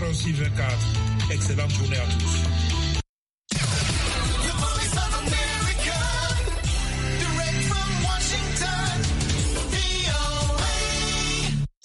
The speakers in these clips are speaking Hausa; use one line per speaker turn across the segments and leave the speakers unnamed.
24. Excellente journée à tous.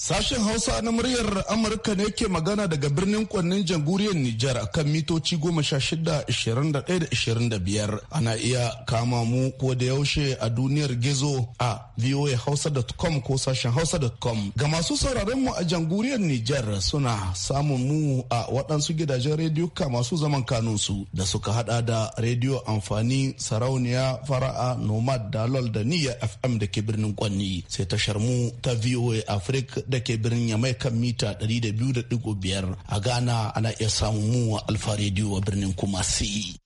Sashen Hausa na muryar Amurka ne ke magana daga birnin kwannin jamhuriyar Nijar a kan mitoci 16-21-25. Ana iya kama mu ko da yaushe a duniyar gizo a voahausa.com ko sashen hausa.com. Ga masu sauraron mu a jamhuriyar Nijar suna samun mu a waɗansu gidajen rediyo ka masu zaman kanunsu da suka hada da rediyo amfani sarauniya fara'a nomad dalol da niyya FM da ke birnin kwanni sai tashar mu ta VOA Africa da ke birnin Yamai kan mita 200.5 a Ghana ana iya samun mu a Alfa Radio a birnin Kumasi.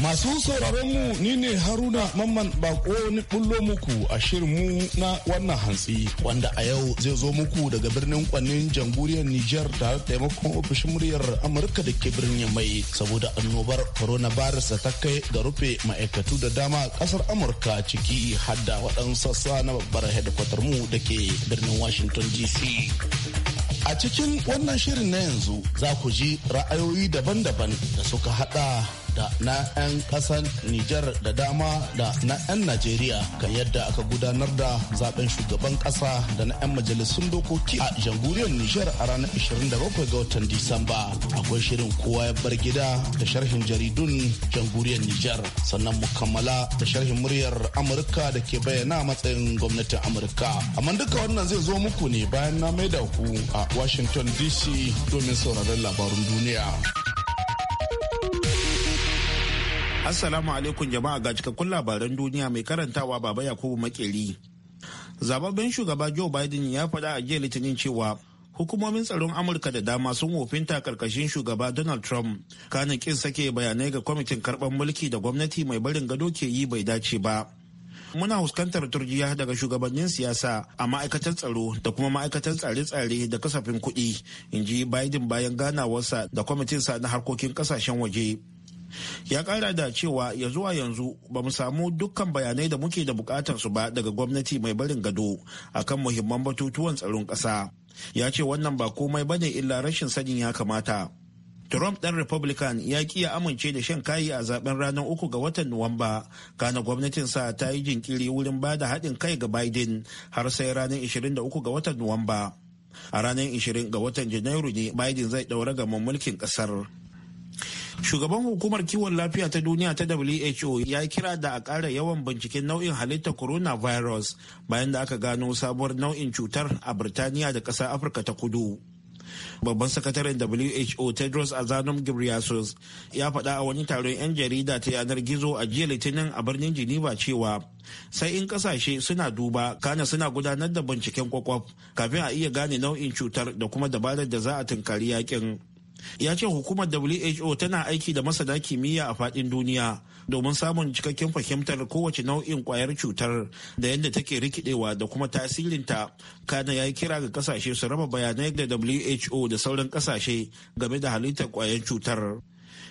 Masu sauraron mu ni ne Haruna Mamman Bako ni bullo muku a shirin mu na wannan hantsi wanda a yau zai zo muku daga birnin kwannin jamhuriyar Nijar da taimakon ofishin muryar Amurka da ke birnin mai saboda annobar coronavirus ta kai ga rufe ma'aikatu da dama kasar Amurka ciki hadda waɗansu sassa na babbar hedikwatar mu da ke birnin Washington DC. A cikin wannan shirin na yanzu za ku ji ra'ayoyi daban-daban da suka haɗa. da na 'yan ƙasar Nijar da dama da na 'yan Najeriya kan yadda aka gudanar da zaben shugaban kasa da na 'yan majalisun dokoki a jamhuriyar Nijar a ranar 27 ga watan Disamba. Akwai shirin kowa ya bar gida da sharhin jaridun jamhuriyar Nijar. Sannan mu kammala da sharhin muryar Amurka da ke bayyana matsayin gwamnatin Amurka. Amma duka wannan zai zo muku ne bayan na mai da ku a
Washington
DC domin sauraron labarun duniya. Assalamu alaikum jama'a ga cikakkun labaran duniya mai karantawa Baba Yakubu Makeri. Zababben shugaba Joe Biden ya faɗa a jiya Litinin cewa hukumomin tsaron Amurka da dama sun wofinta karkashin shugaba Donald Trump kanin kin sake bayanai ga kwamitin karɓar mulki da gwamnati mai barin gado ke yi bai dace ba. Muna fuskantar turjiya daga shugabannin siyasa a ma'aikatar tsaro da kuma ma'aikatar tsare-tsare da kasafin kuɗi, in ji Biden bayan ganawarsa da kwamitin sa na harkokin ƙasashen waje. ya kara da cewa ya zuwa yanzu ba mu samu dukkan bayanai da muke da bukatar su ba daga gwamnati mai barin gado akan muhimman batutuwan tsaron ƙasa ya ce wannan ba komai bane illa rashin sanin ya kamata Trump ɗan Republican ya ki ya amince da shan kayi a zaben ranar uku ga watan Nuwamba, kana sa ta yi jinkiri wurin ba da haɗin kai ga Biden har sai ranar 23 ga watan Nuwamba. A ranar 20 ga watan Janairu ne Biden zai ɗaura gaban mulkin ƙasar. Shugaban hukumar kiwon lafiya ta duniya ta WHO ya kira da a ƙara yawan binciken nau'in halittar coronavirus bayan da aka gano sabuwar nau'in cutar a Birtaniya da ƙasar Afirka ta kudu. Babban sakataren WHO Tedros Adhanom Ghebreyesus ya faɗa a wani taron 'yan jarida ta yanar gizo a jiya Litinin a birnin Geneva cewa sai in ƙasashe suna duba kana suna gudanar da binciken kwakwaf kafin a iya gane nau'in cutar da kuma dabarar da za a tunkari yakin. ya ce hukumar who tana aiki da masana kimiyya a fadin duniya domin samun cikakken fahimtar kowace nau'in kwayar cutar da yadda take rikidewa da kuma tasirinta kana ya yi kira ga kasashe su raba bayanai da who da sauran kasashe game da halittar kwayar cutar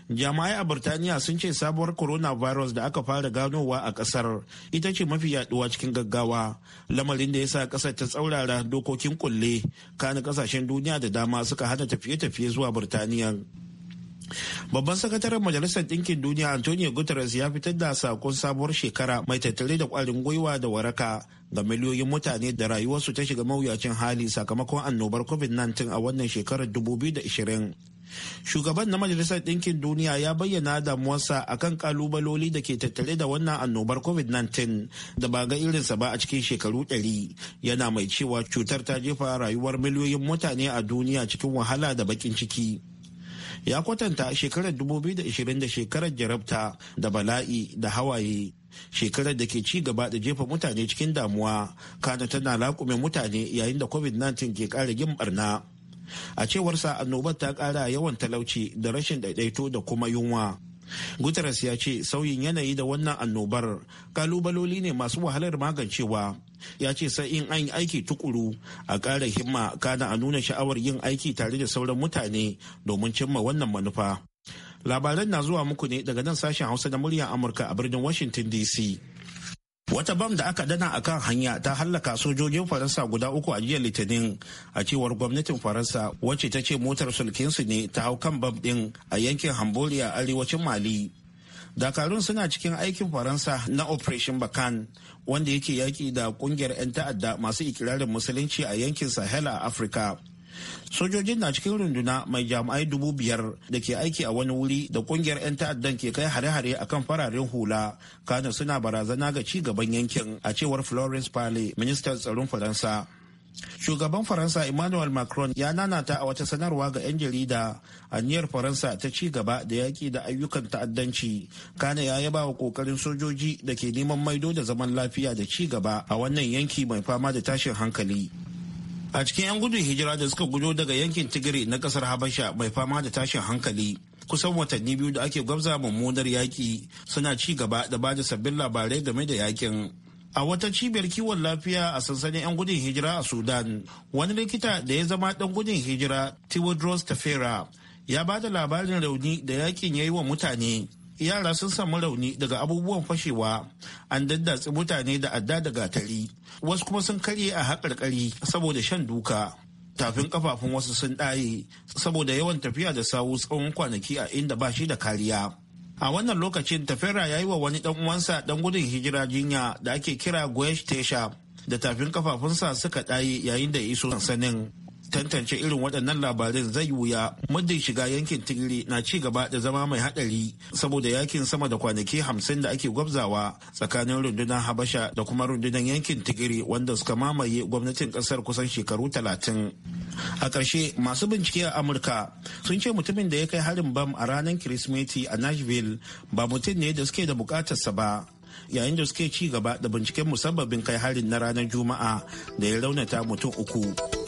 jami'ai a birtaniya sun ce sabuwar coronavirus da aka fara ganowa a kasar ita ce mafi yaduwa cikin gaggawa lamarin da ya sa kasar ta tsaurara dokokin kulle kana kasashen duniya da dama suka hana tafiye-tafiye zuwa birtaniya. Babban sakataren Majalisar Ɗinkin Duniya Antonio Guterres ya fitar da sakon sabuwar shekara mai tattare da kwarin gwiwa da waraka ga miliyoyin mutane da rayuwarsu ta shiga mawuyacin hali sakamakon annobar COVID-19 a wannan shekarar 2020. shugaban na majalisar ɗinkin duniya ya bayyana damuwarsa kan kalubaloli da ke tattare da wannan annobar covid-19 da ba ga irinsa ba a cikin shekaru 100 yana mai cewa cutar ta jefa rayuwar miliyoyin mutane a duniya cikin wahala da bakin ciki ya kwatanta shekarar 2020 da shekarar jarabta da bala'i da hawaye shekarar da ke ci gaba da jefa mutane cikin damuwa kana tana laƙume mutane yayin da covid-19 ke ƙara yin barna a cewarsa annobar ta kara yawan talauci da rashin daidaito da kuma yunwa guterres ya ce sauyin yanayi da wannan annobar kalubaloli ne masu wahalar magancewa ya ce sai in an yi aiki tukuru a kara himma kana a nuna sha'awar yin aiki tare da sauran mutane domin cimma wannan manufa labaran na zuwa muku ne daga nan sashen hausa da muryar amurka a birnin washington dc wata bam da aka dana a kan hanya ta hallaka sojojin faransa guda uku a jiya litinin a cewar gwamnatin faransa wacce ta ce motar sulkinsu ne ta hau kan bam din a yankin hamburiya arewacin mali dakarun suna cikin aikin faransa na operation bakan wanda yake yaki da kungiyar 'yan ta'adda masu ikirarin musulunci a yankin sahel a afirka sojojin na cikin runduna mai jami'ai dubu biyar da ke aiki a wani wuri da kungiyar 'yan ta'addan ke kai hare-hare a kan fararen hula kana suna barazana ga ci gaban yankin a cewar florence pale ministan tsaron faransa shugaban faransa emmanuel macron ya nanata a wata sanarwa ga 'yan jarida a aniyar faransa ta ci gaba da yaƙi da ayyukan ta'addanci kana ya yaba wa ƙoƙarin sojoji da ke neman maido da zaman lafiya da ci gaba a wannan yanki mai fama da tashin hankali a cikin 'yan gudun hijira da suka gudo daga yankin tigiri na kasar habasha mai fama da tashin hankali kusan watanni biyu da ake gwamza mummunar yaƙi suna ci gaba da ba da sabbin labarai game da yaƙin. a wata cibiyar kiwon lafiya a sansanin 'yan gudun hijira a sudan wani likita da ya zama dan gudun hijira tewodros tafera ya ba da labarin rauni da yaƙin ya yi wa mutane yara sun samu rauni daga abubuwan fashewa an daddatsi mutane da adda da gatari wasu kuma sun karye a haƙarƙari saboda shan duka tafin kafafun wasu sun ɗaye saboda yawan tafiya da sawu tsawon kwanaki a inda ba shi da kariya a wannan lokacin tafera ya yi wa wani dan uwansa dan gudun hijira jinya da ake kira goyesh tesha da tafin kafafunsa suka ɗaye yayin da ya iso sansanin tantance irin waɗannan labarin zai wuya muddin shiga yankin tigiri na ci gaba da zama mai haɗari saboda yakin sama da kwanaki hamsin da ake gwabzawa tsakanin rundunar habasha da kuma rundunar yankin tigiri wanda suka mamaye gwamnatin ƙasar kusan shekaru talatin a ƙarshe masu bincike a amurka sun ce mutumin da ya kai harin bam a ranar kirismeti a nashville ba mutum ne da suke da bukatarsa ba yayin da suke ci gaba da binciken musabbabin kai harin na ranar juma'a da ya raunata mutum uku.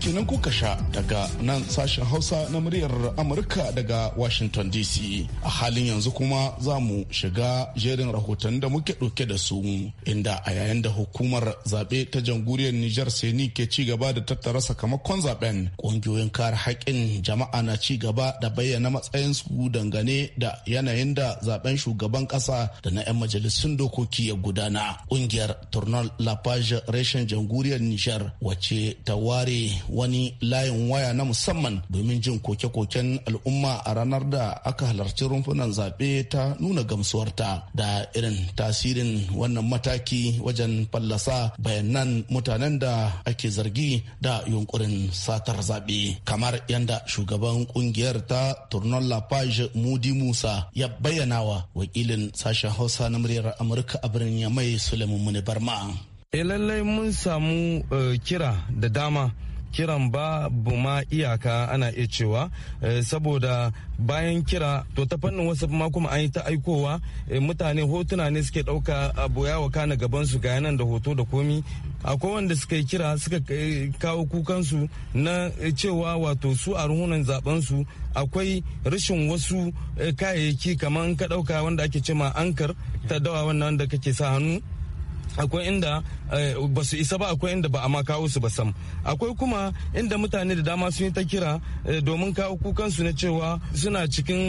kenan kuka sha daga nan sashen Hausa na muryar Amurka daga Washington DC. A halin yanzu kuma za mu shiga jerin rahoton da muke ɗauke da su inda a yayin da hukumar zaɓe ta janguriyar Nijar Seni ke ci gaba da tattara sakamakon zaben ƙungiyoyin kare haƙƙin jama'a na ci gaba da bayyana matsayinsu dangane da yanayin da zaben shugaban ƙasa da na 'yan majalisun dokoki ya gudana. Ƙungiyar Tournal Lapage reshen janguriyar Nijar wacce ta ware wani layin waya na musamman domin jin koke-koken al'umma a ranar da aka halarci rumfunan zaɓe ta nuna gamsuwarta da irin tasirin wannan mataki wajen fallasa bayanan mutanen da ake zargi da yunkurin satar zaɓe kamar yadda shugaban kungiyar ta turnon lafage mudi musa ya bayyana wa wakilin sashen hausa na muryar amurka a birnin yamai suleiman muni barma.
Eh, lallai mun samu eh, kira da dama kiran ba buma iyaka ana iya cewa eh, saboda bayan kira to ta fannin wasu ma kuma an yi ta aikowa eh, mutane hotuna ne suke ɗauka a boyawa kana gaban su ga yanan da hoto da komi akwai wanda suka yi kira suka eh, kawo kukansu na cewa wato su a ruhunan zaben su akwai rashin wasu kayayyaki kamar ka ɗauka wanda ake cema ankar ta dawa wannan wanda kake sa hannu akwai inda eh, ba su isa ba akwai inda ba a kawo su ba sam akwai kuma inda mutane da dama sun yi ta kira eh, domin kawo kukansu na cewa suna cikin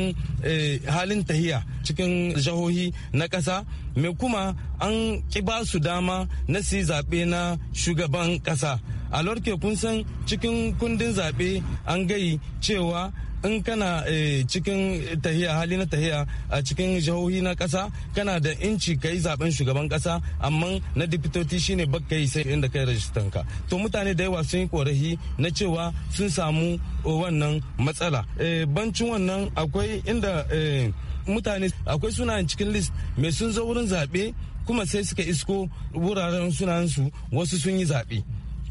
eh, halin tahiya cikin jihohi na ƙasa mai kuma an ki ba su dama na su zaɓe na shugaban ƙasa a lorke kun san cikin kundin zaɓe an gayi cewa in kana eh, cikin tahiya hali na tahiya a cikin jihohi na kasa kana da inci ka zaben shugaban kasa amma na dipitoti shine bakka sai inda kai rajistan ka to mutane da yawa sun yi korafi na cewa sun samu eh, wannan matsala eh, bancin wannan akwai inda mutane akwai sunayen cikin list mai sun zo wurin zaɓe kuma sai suka isko wuraren sunansu wasu sun yi zaɓe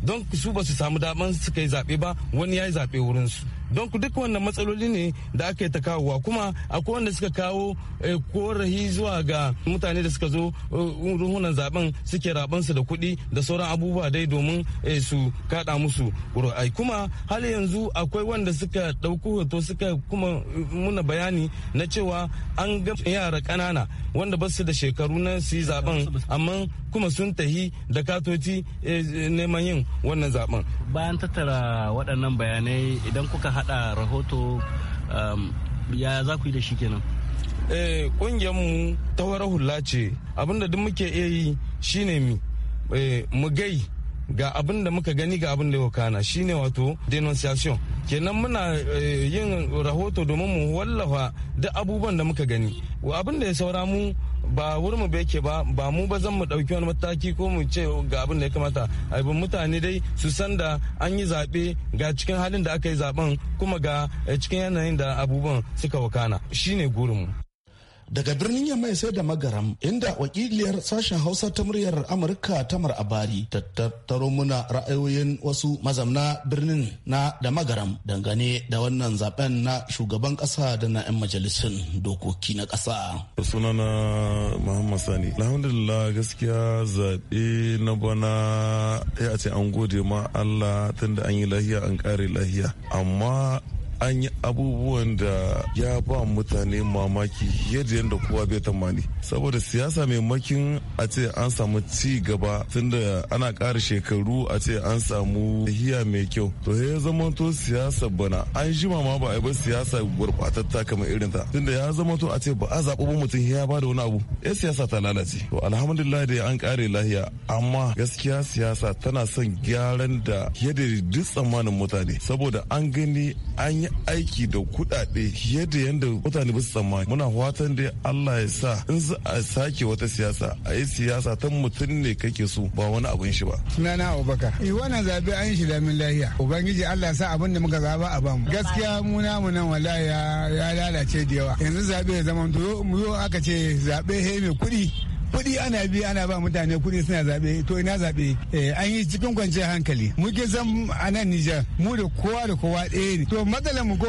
don su ba su samu daman su kai zaɓe ba wani ya yi zaɓe wurinsu don ku duk wannan matsaloli ne da aka yi ta kawowa kuma akwai wanda suka kawo eh, korahi zuwa ga mutane da suka zo eh, ruhunan zaben suke su da kuɗi da sauran abubuwa dai domin eh, su kaɗa musu ƙuri'ai kuma hal yanzu akwai wanda suka ɗauki hoto suka kuma muna bayani na cewa an ga yara ƙanana wanda ba su da shekaru na su yi zaben amma kuma sun tahi da katoci neman yin wannan zaben
bayan tattara waɗannan bayanai idan kuka haɗa rahoto um, ya za ku yi da shi kenan
eh mu ta wara hula ce abinda duk muke iya yi shine mi eh, mu gai ga abin da muka gani ga abin da ya kana shine wato denunciation kenan muna eh, yin rahoto domin mu wallafa duk abubuwan da muka gani abin da ya saura mu ba wurin mu ba yake ba ba mu ba zan mu dauki wani mataki ko mu ce ga abin da ya kamata aibin mutane dai su san da an yi zaɓe ga cikin halin da aka yi zaben kuma ga cikin yanayin da abubuwan suka wakana shine gurin mu
daga birnin ya mai sai da magaram inda wakiliyar sashen hausa ta muryar amurka tamar abari ta tattaro muna ra'ayoyin wasu mazamna birnin na da magaram dangane da wannan zaben na shugaban kasa da na 'yan majalisun
dokoki na kasa sunana muhammad sani alhamdulillah gaskiya zaɓe na bana ya ce an gode ma allah tunda an yi lahiya an kare lahiya amma an yi abubuwan da ya ba mutane mamaki yadda yadda kowa bai tamani saboda siyasa mai makin a ce an samu ci gaba tunda ana ƙara shekaru a ce an samu hiya mai kyau to ya zama to siyasa bana an ji ma ba a ba siyasa gurɓatatta kamar irin ta tunda ya zama to a ce ba a zaɓi mutum ya ba da wani abu ya siyasa ta lalace to alhamdulillah da an ƙare lahiya amma gaskiya siyasa tana son gyaran da yadda duk tsammanin mutane saboda an gani an yi aiki da kuɗaɗe da yadda mutane ba su tsammani muna fatan da Allah ya sa in za a sake wata siyasa a yi siyasa ta mutum ne kake so ba wani abun shi ba.
Sunana Abubakar. Eh wannan zabe an shi min lahiya. Ubangiji Allah sa abin da muka zaba a bamu. Gaskiya mu namu nan wallahi ya lalace da yawa. Yanzu zabe ya zama to mu aka ce zabe he mai kuɗi kuɗi ana bi ana ba mutane kuɗi suna zaɓe to ina zaɓe eh, an yi cikin kwanciyar hankali muke zan a nan Nijar mu da kowa da kowa ɗaya ne to matsalar mu ko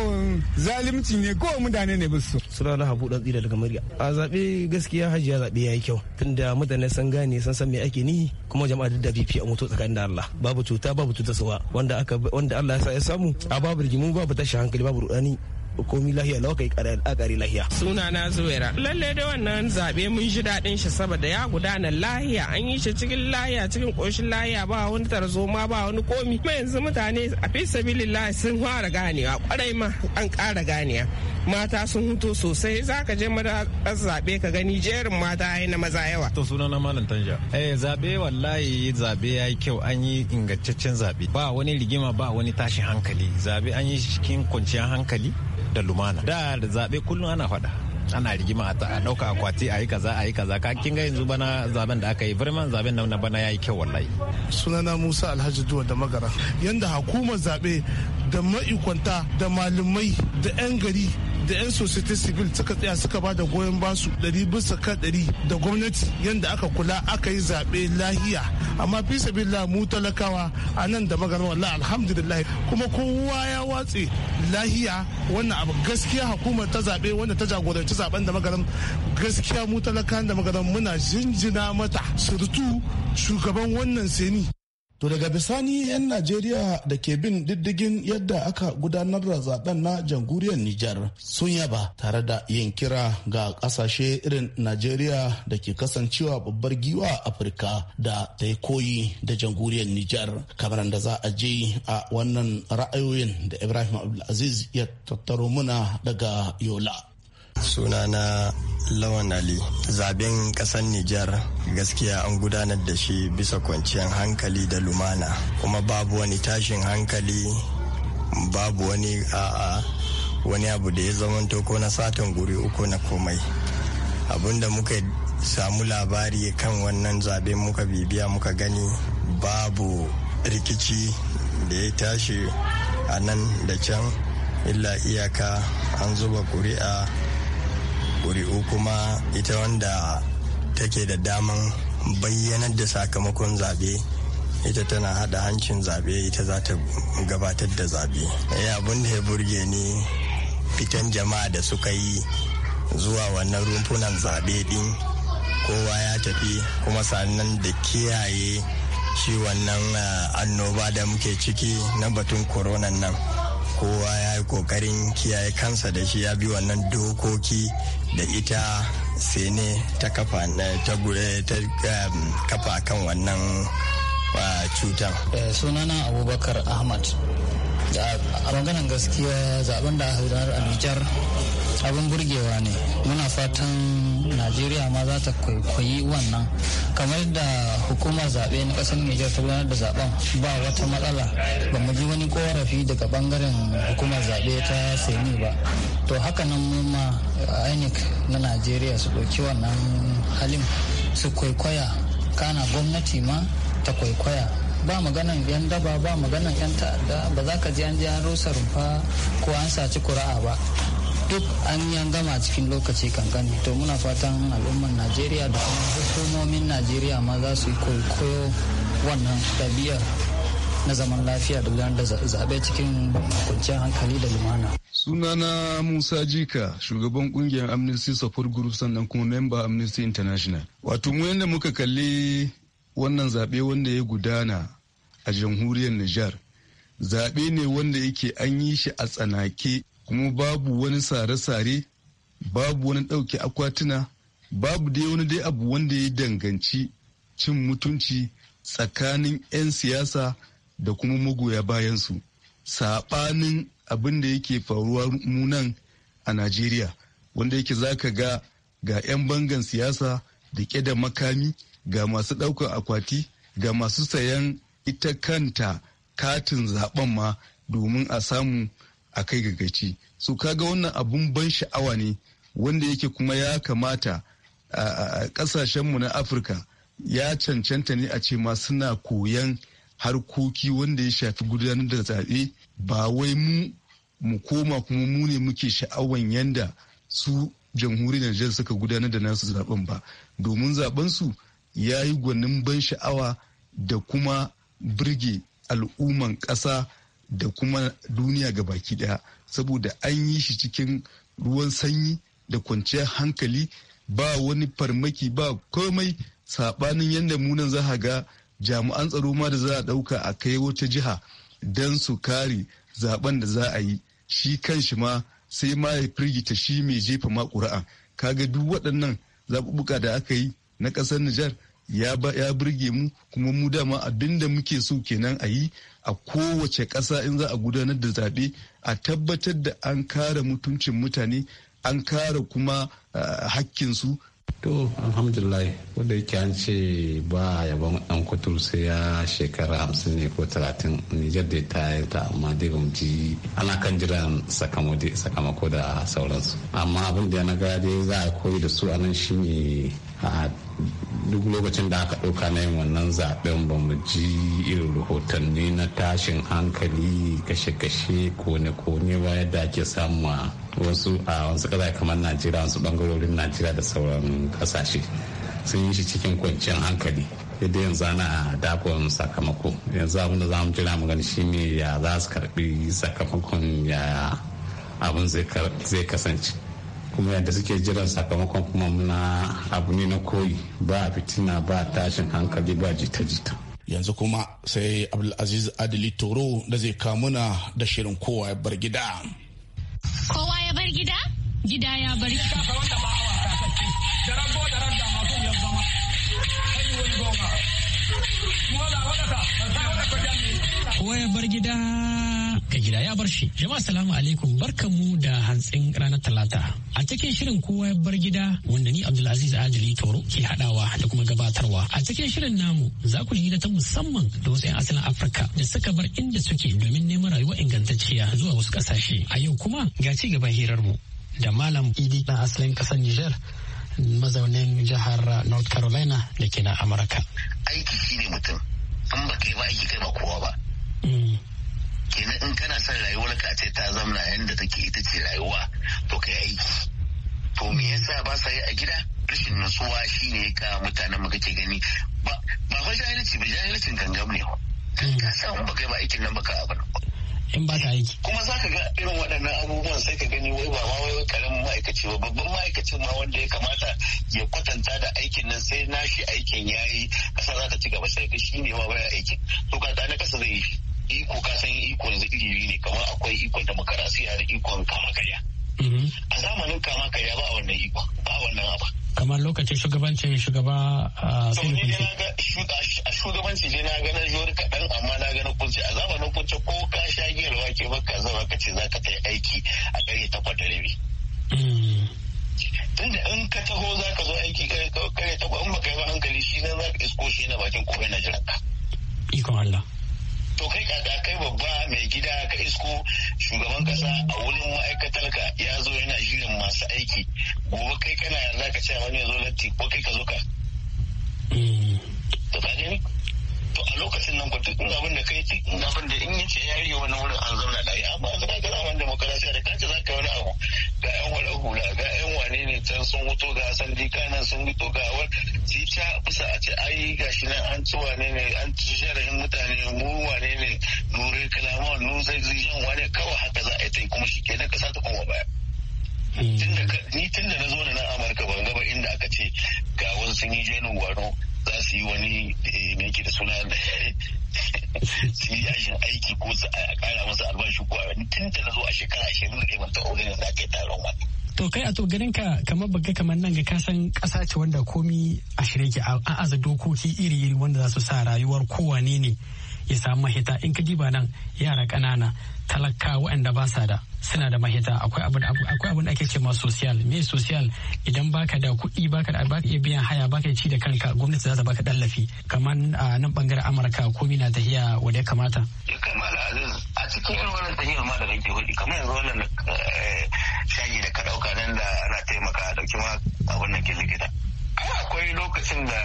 zalimci ne ko mutane ne bisu
suna na habu ɗan tsira daga murya a zaɓe gaskiya Hajji ya zaɓe yi kyau tunda mutane sun gane sun san me ake ni kuma jama'a duk da bifi a moto tsakanin da Allah babu cuta babu cuta suwa wanda aka wanda Allah ya sa ya samu a babu rigimu babu tashin hankali babu rudani hukumi lahiya lau kai kare lahiya. Suna na zuwera. Lalle da wannan zaɓe mun ji daɗin shi saboda ya gudana lahiya an yi shi cikin lahiya cikin ƙoshin lahiya ba wani tarzoma ba wani komi. Kuma yanzu mutane a fi sabilillahi sun fara ganewa kwarai ma an ƙara ganiya. mata sun hutu sosai za ka je madarar zaɓe ka gani jerin mata ya na maza yawa.
To suna na Malam Tanja. Eh zaɓe wallahi zaɓe ya yi kyau an yi ingantaccen zaɓe. Ba wani rigima ba wani tashin hankali. Zaɓe an yi cikin kwanciyar hankali da lumana da zaɓe kullum ana faɗa ana rigima a ɗauka akwati a yi kaza a yi kaza ka kin ga yanzu bana zaben da aka yi birman zaben na bana ya yi kyau wallahi
sunana musa alhaji duwa da magara yanda hukumar zaɓe da ma'ikwanta da malamai da 'yan gari da 'yan society civil suka tsaya suka ba da goyon basu ɗari bisa ka ɗari da gwamnati yadda aka kula aka yi zaɓe lahiya amma fi sabila mu talakawa a nan da magana wallah alhamdulillah kuma kowa ya watse lahiya wannan abu gaskiya hukumar ta zaɓe wanda ta jagoranci zaɓen da magana gaskiya mu talakawa da magana muna jinjina mata surutu shugaban wannan seni To daga bisani 'yan Najeriya da ke bin diddigin yadda aka gudanar da zaben na jamhuriyar Nijar sun yaba tare da yin kira ga kasashe irin Najeriya da ke kasancewa babbar giwa Afirka da ta yi koyi da jamhuriyar Nijar. Kamar da za a je a wannan
ra'ayoyin da Ibrahim Abdulaziz ya tattaro muna daga Yola. sunana lawan ali zaben kasar nijar gaskiya an gudanar da shi bisa kwanciyar hankali da lumana kuma babu wani tashin hankali babu wani a'a wani abu da ya zamanto ko na satan guri uku na komai da muka samu labari kan wannan zaben muka bibiya muka gani babu rikici da ya tashi a nan da can illa iyaka an zuba kuri'a ƙuri'u kuma ita wanda take da daman bayyanar da sakamakon zaɓe ita tana hada hancin zaɓe ita za ta gabatar da zaɓe eh, abin da ya burge ni fitan jama'a da suka yi zuwa wannan rumfunan zaɓe ɗin kowa ya tafi kuma sannan da kiyaye shi wannan eh, annoba da muke ciki na batun koronan nan kowa ya yi kokarin kiyaye kansa da shi ya bi wannan dokoki da ita sene ta kafa ta um, kafa kan wannan cutar eh, sunana abubakar ahmad a maganan gaskiya zaben da aka a abin burgewa
ne muna fatan najeriya ma za ta kwaikwayi wannan kamar da hukumar zaɓe na ƙasar niger ta gudanar da zaben ba wata matsala ba mu ji wani korafi daga bangaren hukumar zaɓe ta seni ba to haka nan ma eh, inec na najeriya su ɗauki wannan halin su kwaikwaya kana gwamnati ma ta kwaikwaya ba maganan yan daba ba maganan yan ta'adda ba za ka ji an ji an rusa rumfa ko an saci kura'a ba duk an yi gama cikin lokaci kankani to muna fatan al'ummar najeriya da kuma hukumomin najeriya ma za su yi koyo wannan ɗabi'ar na zaman lafiya da gudanar da zaɓe
cikin kwanciyar hankali da lumana.
Sunana Musa Jika, shugaban kungiyar Amnesty Support Group sannan kuma memba Amnesty International. Wato mu yadda muka kalli wannan zaɓe wanda ya gudana a jamhuriyar Nijar. Zaɓe ne wanda yake an yi shi a tsanake kuma babu wani sare-sare babu wani ɗauke akwatuna babu dai wani dai abu wanda ya danganci cin mutunci tsakanin 'yan siyasa da kuma magoya bayansu saɓanin abin da yake faruwa munan a najeriya wanda yake ka ga ga 'yan bangan siyasa da ke da makami ga masu ɗaukar akwati ga masu sayan ita kanta katin zaben ma domin a samu a kai ga gaci so kaga wannan abun ban sha'awa ne wanda yake kuma ya kamata a kasashenmu na afirka ya cancanta ne a ce ma suna koyan harkoki wanda ya shafi gudanar da zaɓe ba wai mu mu koma kuma mu ne muke sha'awan yanda su jamhuriyar Nijar suka gudanar da nasu zaben ba domin zaben su ya yi gwanin ban sha'awa da kuma birge al'umman ƙasa da kuma duniya ga baki daya saboda an yi shi cikin ruwan sanyi da kwanciyar hankali ba wani farmaki ba komai sabanin yadda munan za ga jami'an tsaro ma da za a ɗauka a kai wata jiha don su kare zaben da za a yi shi kan shi ma sai ma ya firgita shi mai jefa ma ƙuri'a kaga duk waɗannan zaɓuɓɓuka da aka yi na ƙasar Nijar ya ba ya burge mu kuma mu dama abin da muke so kenan a yi a kowace ƙasa in za a gudanar da zaɓe a tabbatar da an kare mutuncin mutane an kare
kuma ah, hakkinsu to alhamdulillah wanda yake an ce ba yabon dan kwatur sai ya shekara hamsin ne ko talatin nijar da ta yi ta amma dai ba ji ana kan jiran sakamako da sauransu amma abin da ya na dai za a koyi da su a nan shine a duk lokacin da aka ɗauka na yin wannan zaɓen ba mu ji irin rahotanni na tashin hankali kashe-kashe kone-kone ba yadda ake samu a wasu a wasu ƙasa kamar najeriya wasu bangarorin najeriya da sauran ƙasashe sun yi shi cikin kwanciyar hankali yadda yanzu ana dakon sakamako yanzu abin da za mu jira mu gani shine ya za su karbi sakamakon ya abin zai kasance kuma yadda suke jiran sakamakon kuma muna abu ne na koyi ba fitina ba tashin
hankali ba jita-jita yanzu kuma sai abdulaziz adili toro da zai kamuna da shirin kowa ya bar gida
kowa ya bar gida gida ya bar gida gida ya bar shi. Jama'a salamu alaikum barkamu da hantsin ranar talata. A cikin shirin kowa ya bar gida wanda ni Abdulaziz Adili Toro ke hadawa da kuma gabatarwa. A cikin shirin namu za ku ji ta musamman da wasu 'yan asalin Afirka da suka bar inda suke domin neman rayuwa ingantacciya zuwa wasu kasashe. A yau kuma ga ci gaban hirarmu da Malam Idi na asalin kasar Nijar. mazaunin jihar North Carolina da ke na Amurka.
Aiki shi mutum, an ba kai ba aiki kai ba kowa ba. Mm. kenan in kana son rayuwar ka ce ta zamna yadda take ita ce rayuwa to ka aiki to me yasa ba sa yi a gida rashin nutsuwa shine ka mutanen mu kake gani ba ba jahilci ba jahilcin gangam ne ka samu ba kai ba aikin nan ba ka abin in ba ta aiki. Kuma za ka ga irin waɗannan abubuwan sai ka gani wai ba ma wai karamin ma'aikaci ba babban ma'aikacin ma wanda ya kamata ya kwatanta da aikin nan sai nashi aikin ya yi ƙasa za ta ci gaba sai ka shi ne ma baya aikin to ka na ƙasa zai yi shi. iko ka san iko yanzu iri ne kamar akwai ikon demokarasiya da ikon kama karya mhm. a zamanin kama karya ba wannan iko ba wannan abu
kamar lokacin shugabancin shugaba ah,
a shugabanci ne na gana jori kaɗan amma na gana kunce a zamanin kunce ko ka sha giyarwa ke baka zama ka ce za ka ta aiki a ta takwas da rabi
mm. tunda in ka taho za ka zo aiki ƙarfe takwas in ka yi ba hankali shi na za ka isko shi na bakin kowai na jiranka ikon Allah
to kai kaka kai babba mai gida ka isko shugaban kasa a wurin ma'aikatar ka ya zo yana shirin masu aiki gobe kai kana yarda ka ce wani ya zo latti ko kai ka zo ka to ka gani to a lokacin nan kwatu ina abin da kai in abin da in yace ya yi wani wurin an zauna da amma an zauna kana wani demokarasiya da kace yi wani abu ga yan wala hula ga yan wane ne can sun wuto ga san nan sun wuto ga wani sai ta kusa a ce ai gashi nan an ci wane ne an ci shi mutane mu zai zai yin wani kawai haka za a yi kuma shi kenan kasa ta koma baya
eh.
ni tun da na zo da nan amurka ban gaba inda aka ce ga wasu sun yi jenin gwano za su yi wani ne eh, ke da suna su yi yashin aiki ko su a kara masa albashi ko a tun da na zo a shekara ashirin da ɗaya ban taɓa da za ka yi taron wani
to kai a to ganin ka kamar baga kamar nan ga kasan kasa ce wanda komi a shirye ke a aza dokoki iri-iri wanda za su sa rayuwar kowane ne ya samu mahita in ka diba nan yara ƙanana talaka waɗanda ba sa da suna da mahita akwai abin da ake ce ma social me social idan baka da kuɗi baka da baka biyan haya baka ci da kanka gwamnati za ta baka tallafi kamar a nan bangaren amurka mina ta hiya wanda ya kamata kamar a cikin irin
wannan hiya ma da kake hudi kamar yanzu wannan eh, shayi da ka dauka nan da ana taimaka dauki ma abin nan ke likita akwai lokacin da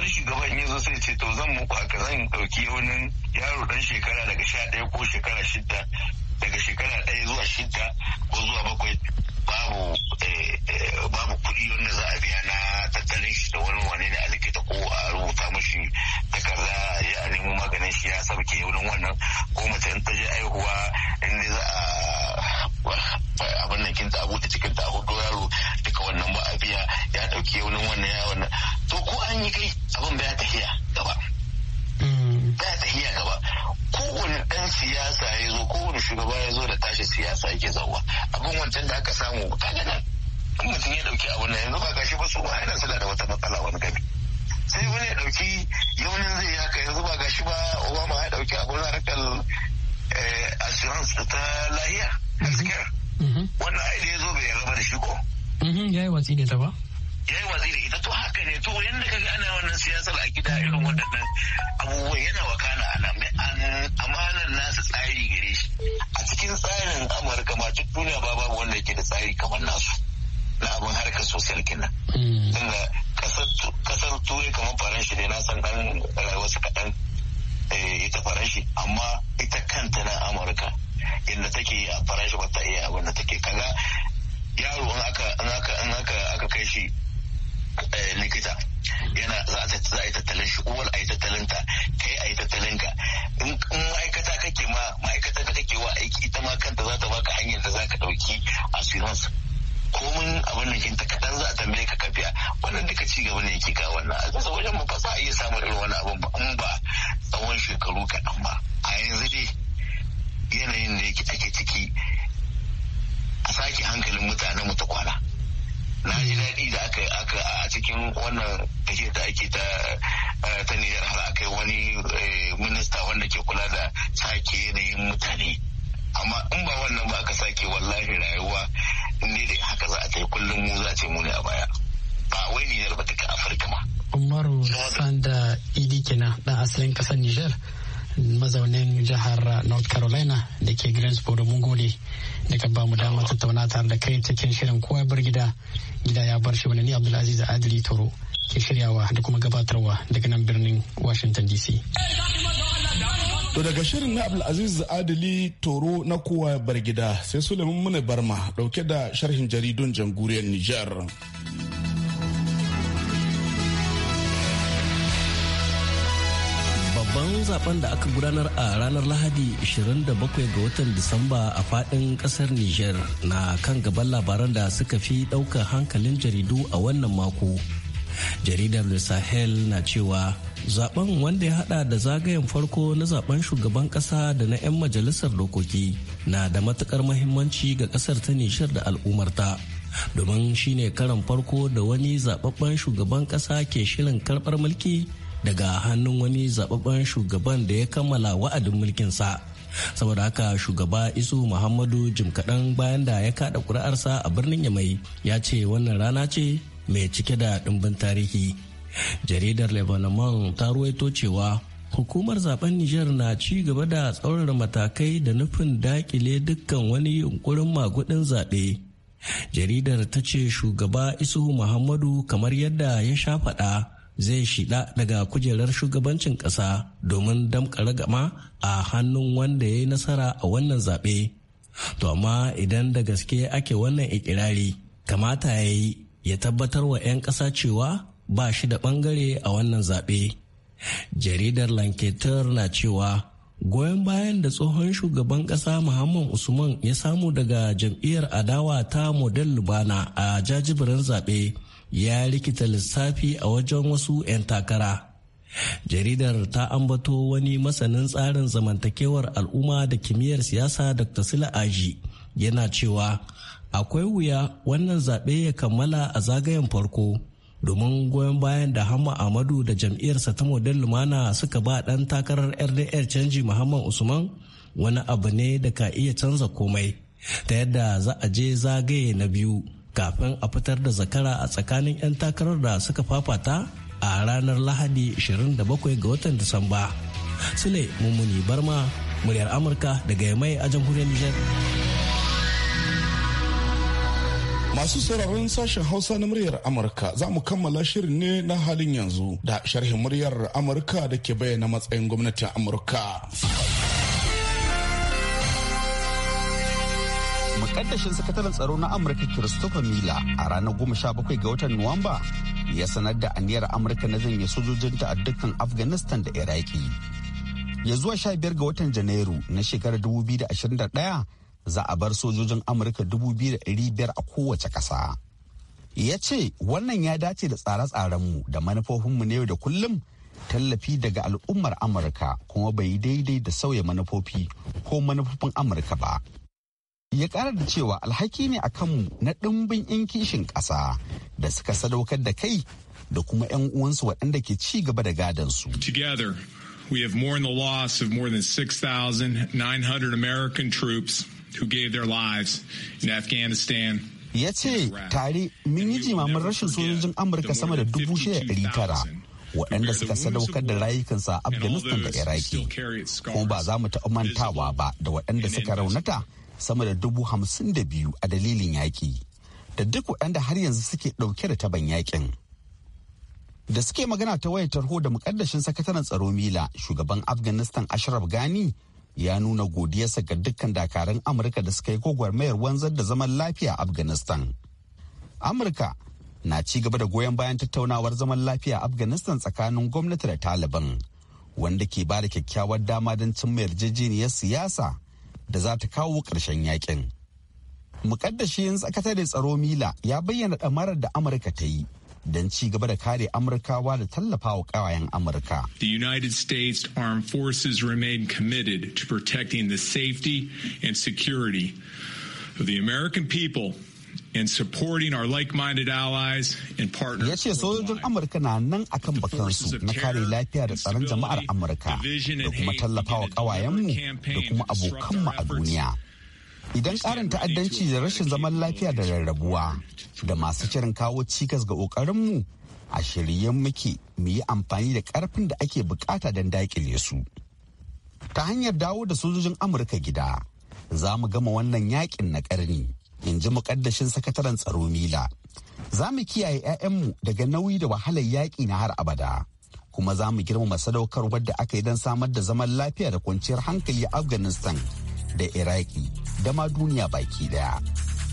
wani shugaban in yazo sai ce to zan muku haka zan dauki wani yaro dan shekara daga sha ɗaya ko shekara shidda daga shekara ɗaya zuwa shidda ko zuwa bakwai babu eh, eh, babu kuɗi wanda za a biya na tattalin shi da wani wani ne alikita ko a rubuta mashi takarda ya nemo maganin shi ya sauke wurin wannan ko mace ta je aihuwa in za a abin nan kinta abu ta cikin ta hudu yaro duka wannan ba a biya ya dauke wani wannan ya wannan to ko an yi kai abin ba ya tafiya gaba mm. ba ya tafiya gaba kowane dan siyasa ya zo kowane shugaba ya zo da tashi siyasa yake zauwa abin wancan da aka samu kaga nan in mutum ya dauki abin nan yanzu ba gashi ba su ba yana suna da wata matsala wani gami sai wani ya dauki yaunin zai kai yanzu ba gashi ba obama ya dauki abin harkar eh, assurance ta lahiya healthcare mm-hmm. Mm-hmm. wannan ai ya zo bai raba da shi ko.
Mm-hmm. ya yi watsi da ta ba. ya yi watsi da ita to haka ne
to yadda kaga ana wannan siyasar a gida irin waɗannan abubuwan yana wakana ana amanar nasa tsari gare shi a cikin tsarin amurka ma duk duniya ba babu wanda ke
da tsari kamar nasu na abin harkar sosiyal kenan hmm.
tunda kasar turai kamar faranshi ne na san dan rayuwarsa kaɗan eh, ita faranshi amma ita kanta na amurka inda take a faranshi ba ta iya abin da take kaga yaro in aka aka kai shi Eh, likita yana za a yi tattalin shi uwar a yi tattalin ta kai a yi tattalin ka in ma'aikata kake ma ma'aikata da kake wa aiki ita ma kanta za ta baka hanyar da za ka ɗauki Ko komin abin da kinta kaɗan za a tambaye ka kafiya wannan duka ci gaba ne yake ka wannan a kasa wajen mu ba a iya samun irin wani abin ba in ba tsawon shekaru kaɗan ba a yanzu dai yanayin da yake ake ciki a sake hankalin mutane mu ta na ji daɗi da aka aka a cikin wannan tafiyar da ake ta eh, ta Nijar har aka yi wani eh, minista wanda ke kula da sake yanayin mutane amma in ba wannan ba aka sake wallahi rayuwa ne da haka za a ta kullum mu za a ce mu ne a baya ba wai Nijar ba ka Afirka
ma. Umaru Sanda Idi kenan ɗan asalin kasar Nijar. mazaunin jihar north carolina da ke greensboro mun gode da ka ba mu dama tattauna tare da kai cikin shirin kowa bar gida gida ya bar shi wani ni abdulaziz adili toro ke shiryawa da kuma gabatarwa daga nan birnin washington dc
To daga shirin na Abdulaziz Adili Toro na kowa bar gida sai Suleiman Mune Barma dauke da sharhin jaridun jamhuriyar Nijar.
sakamakon zaben da aka gudanar a ranar lahadi 27 ga watan disamba a fadin kasar niger na kan gaban labaran da suka fi daukar hankalin jaridu a wannan mako jaridar le sahel na cewa zaben wanda ya hada da zagayen farko na zaben shugaban kasa da na 'yan majalisar dokoki na da matukar mahimmanci ga kasar ta nishar da al'ummarta domin shine karan farko da wani zababben shugaban kasa ke shirin karbar mulki daga hannun wani zababben shugaban da ya kammala wa'adin mulkinsa saboda haka shugaba isu muhammadu jim kaɗan bayan da ya kaɗa ƙuri'arsa a birnin yamai ya ce wannan rana ce mai cike da ɗimbin tarihi jaridar lebanon ta ruwaito cewa hukumar zaben Nijar na ci gaba da tsaurara matakai da nufin dakile dukkan wani yunkurin magudin zaɓe jaridar ta ce shugaba Isu muhammadu kamar yadda ya sha faɗa zai shida daga kujerar shugabancin ƙasa domin damƙa ragama a hannun wanda ya yi nasara a wannan zaɓe. To amma idan da gaske ake wannan ikirari kamata ya yi ya tabbatar wa 'yan ƙasa cewa ba shi da ɓangare a wannan zaɓe. Jaridar Lanketer na cewa goyon bayan da tsohon shugaban ƙasa Muhammad Usman ya samu daga jam'iyyar adawa ta Model Lubana a jajibirin zaɓe. ya rikita lissafi a wajen wasu 'yan takara. jaridar ta ambato wani masanin tsarin zamantakewar al'umma da kimiyyar siyasa dr sila aji yana cewa akwai wuya wannan zaɓe ya kammala a zagayen farko domin goyon bayan da hamma Ahmadu da jam'iyyarsa ta model lumana suka ba ɗan takarar rdr canji muhammad usman wani abu ne da ka iya canza komai ta yadda za a je zagaye na biyu kafin a fitar da zakara a tsakanin 'yan takarar da suka fafata a ranar lahadi 27 ga watan disamba sule mummuni barma muryar amurka daga yamai a jamhuriyar nijar Masu sauraron
sashen Hausa na muryar Amurka za mu kammala shirin ne na halin yanzu da sharhin muryar Amurka da ke bayyana matsayin gwamnatin Amurka.
kaddashin sakataren tsaro na amurka christopher miller a ranar goma 17 ga watan nuwamba ya sanar da aniyar amurka na janye sojojinta a dukkan afghanistan da iraki ya zuwa 15 ga watan janairu na shekarar 2021 za a bar sojojin amurka 2,500 a kowace ƙasa. ya ce wannan ya dace da tsare-tsarenmu da manufofinmu na yau da kullum tallafi daga al'ummar amurka kuma bai daidai da sauya manufofi ko manufofin amurka ba ya kara da cewa alhaki ne a kanmu na ɗimbin 'yan kishin ƙasa da suka sadaukar da kai da kuma 'yan uwansu waɗanda ke ci gaba da gadansu.
Together, we have mourned the loss of more than 6,900 lives in Afghanistan.
Ya ce tare mun yi jimamin rashin sojojin Amurka sama da dubu tara waɗanda suka sadaukar da rayukansa a Afghanistan da Iraki. ko ba za mu taɓa mantawa ba da waɗanda suka raunata sama da dubu hamsin da biyu a dalilin yaƙi da duk waɗanda har yanzu suke ɗauke da taban yaƙin. Da suke magana ta wayar tarho da mukaddashin sakataren tsaro Mila shugaban Afghanistan Ashraf gani ya nuna godiyarsa ga dukkan dakarun Amurka da suka yi gwagwarmayar wanzar da zaman lafiya Afghanistan. Amurka na ci gaba da goyon bayan tattaunawar zaman lafiya a Afghanistan tsakanin gwamnati da Taliban wanda ke ba da kyakkyawar dama don cimma yarjejeniyar siyasa da za ta kawo ƙarshen yakin. Mukaddashin tsakatare tsaro Mila ya bayyana ɗamarar da Amurka ta yi don ci gaba da kare Amurkawa da tallafawa ƙawayen Amurka.
The United States Armed Forces remain committed to protecting the safety and security of the American people in supporting our like-minded
allies and partners. Ya ce sojojin Amurka na nan akan bakansu na kare lafiya da tsaron jama'ar Amurka da kuma tallafawa mu da kuma abokanmu a duniya. Idan ƙarin ta'addanci da rashin zaman lafiya da rarrabuwa da masu kirin kawo cikas ga ƙoƙarinmu a shirye muke mu yi amfani da ƙarfin da ake bukata don daƙile su. Ta hanyar dawo da sojojin Amurka gida, za mu gama wannan yakin na ƙarni. in ji mukaddashin sakataren tsaro mila za mu kiyaye 'ya'yanmu daga nauyi da wahalar yaƙi na har abada kuma za mu girmama sadaukarwar da aka yi don samar da zaman lafiya da kwanciyar hankali a afghanistan da iraki da ma duniya baki daya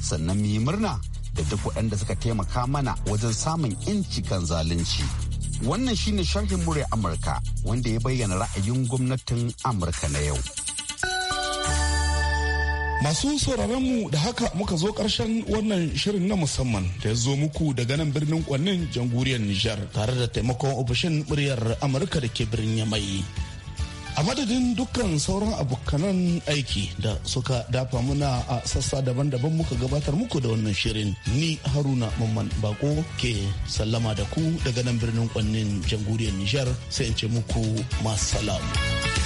sannan mu yi murna da duk waɗanda suka taimaka mana wajen samun inci kan zalunci wannan shine sharhin murya amurka wanda ya bayyana ra'ayin gwamnatin amurka na yau Masu sauraron mu da haka muka zo karshen wannan shirin na musamman da ya
zo muku daga nan birnin kwannin jamhuriyar Nijar tare da taimakon ofishin muryar Amurka da ke birnin Yamai. A madadin dukkan sauran abokanan aiki da suka dafa muna a sassa daban-daban muka gabatar muku da wannan shirin ni Haruna Mamman Bako ke sallama da ku daga nan birnin kwannin jamhuriyar Nijar sai in ce muku masu salamu.